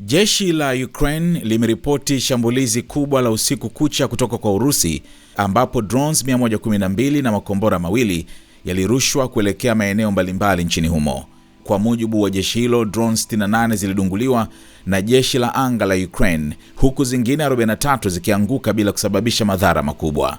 Jeshi la Ukraine limeripoti shambulizi kubwa la usiku kucha kutoka kwa Urusi ambapo drones 112 na makombora mawili yalirushwa kuelekea maeneo mbalimbali nchini humo. Kwa mujibu wa jeshi hilo, drones 68 zilidunguliwa na jeshi la anga la Ukraine huku zingine 43 zikianguka bila kusababisha madhara makubwa.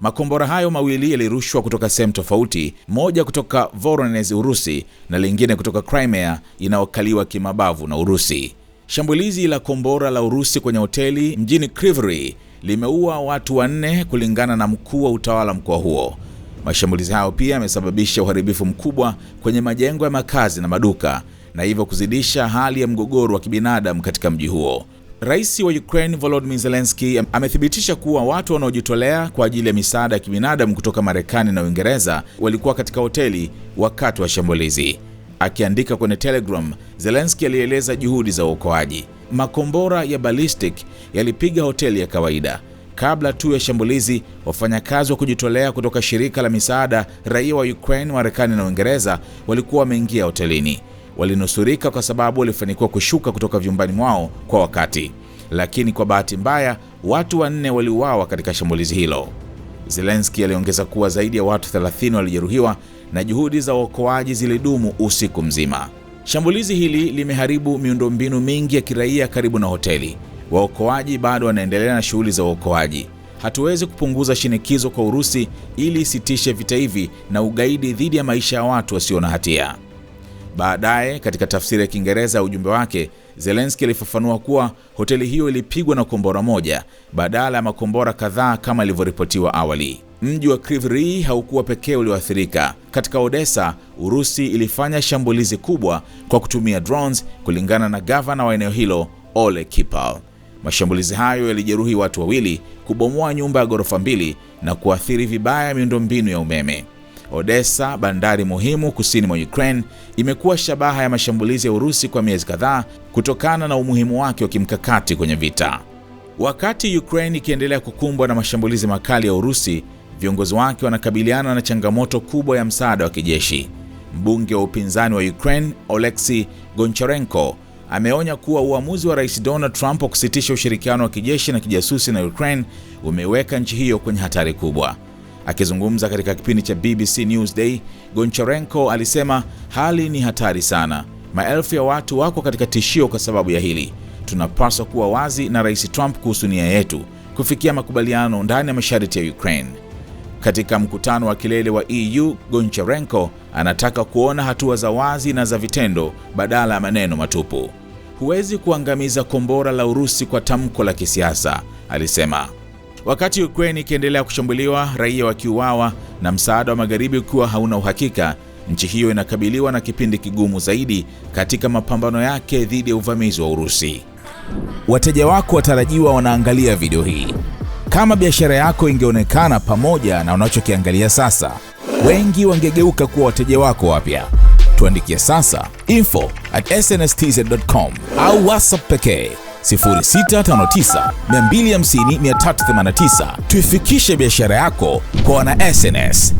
Makombora hayo mawili yalirushwa kutoka sehemu tofauti, moja kutoka Voronezh, Urusi na lingine kutoka Crimea inayokaliwa kimabavu na Urusi. Shambulizi la kombora la Urusi kwenye hoteli mjini Kryvyi limeua watu wanne kulingana na mkuu wa utawala mkoa huo. Mashambulizi hayo pia yamesababisha uharibifu mkubwa kwenye majengo ya makazi na maduka na hivyo kuzidisha hali ya mgogoro wa kibinadamu katika mji huo. Rais wa Ukraine Volodymyr Zelensky amethibitisha kuwa watu wanaojitolea kwa ajili ya misaada ya kibinadamu kutoka Marekani na Uingereza walikuwa katika hoteli wakati wa shambulizi. Akiandika kwenye Telegram, Zelensky alieleza juhudi za uokoaji. Makombora ya ballistic yalipiga hoteli ya kawaida. Kabla tu ya shambulizi, wafanyakazi wa kujitolea kutoka shirika la misaada, raia wa Ukraine, Marekani na Uingereza walikuwa wameingia hotelini. Walinusurika kwa sababu walifanikiwa kushuka kutoka vyumbani mwao kwa wakati, lakini kwa bahati mbaya watu wanne waliuawa katika shambulizi hilo. Zelensky aliongeza kuwa zaidi ya watu 30 walijeruhiwa na juhudi za uokoaji zilidumu usiku mzima. Shambulizi hili limeharibu miundombinu mingi ya kiraia karibu na hoteli. Waokoaji bado wanaendelea na shughuli za uokoaji. Hatuwezi kupunguza shinikizo kwa Urusi ili isitishe vita hivi na ugaidi dhidi ya maisha ya watu wasio na hatia. Baadaye katika tafsiri ya Kiingereza ya ujumbe wake, Zelensky alifafanua kuwa hoteli hiyo ilipigwa na kombora moja badala ya makombora kadhaa kama ilivyoripotiwa awali. Mji wa Kryvyi Rih haukuwa pekee ulioathirika. Katika Odessa, Urusi ilifanya shambulizi kubwa kwa kutumia drones, kulingana na gavana wa eneo hilo Ole Kipal. Mashambulizi hayo yalijeruhi watu wawili, kubomoa nyumba ya ghorofa mbili na kuathiri vibaya miundombinu ya umeme. Odessa, bandari muhimu kusini mwa Ukraine, imekuwa shabaha ya mashambulizi ya Urusi kwa miezi kadhaa kutokana na umuhimu wake wa kimkakati kwenye vita. Wakati Ukraine ikiendelea kukumbwa na mashambulizi makali ya Urusi, viongozi wake wanakabiliana na changamoto kubwa ya msaada wa kijeshi. Mbunge wa upinzani wa Ukraine, Oleksiy Goncharenko, ameonya kuwa uamuzi wa Rais Donald Trump wa kusitisha ushirikiano wa kijeshi na kijasusi na Ukraine umeiweka nchi hiyo kwenye hatari kubwa. Akizungumza katika kipindi cha BBC Newsday, Goncharenko alisema hali ni hatari sana, maelfu ya watu wako katika tishio kwa sababu ya hili. Tunapaswa kuwa wazi na Rais Trump kuhusu nia yetu kufikia makubaliano ndani ya masharti ya Ukraine. Katika mkutano wa kilele wa EU, Goncharenko anataka kuona hatua za wazi na za vitendo badala ya maneno matupu. Huwezi kuangamiza kombora la Urusi kwa tamko la kisiasa, alisema. Wakati Ukraine ikiendelea kushambuliwa, raia wakiuawa na msaada wa magharibi ukiwa hauna uhakika, nchi hiyo inakabiliwa na kipindi kigumu zaidi katika mapambano yake dhidi ya uvamizi wa Urusi. Wateja wako watarajiwa wanaangalia video hii. Kama biashara yako ingeonekana pamoja na unachokiangalia sasa, wengi wangegeuka kuwa wateja wako wapya. Tuandikie sasa info at snstz.com au WhatsApp pekee 0659 250 Tuifikishe biashara yako kwa wana SnS.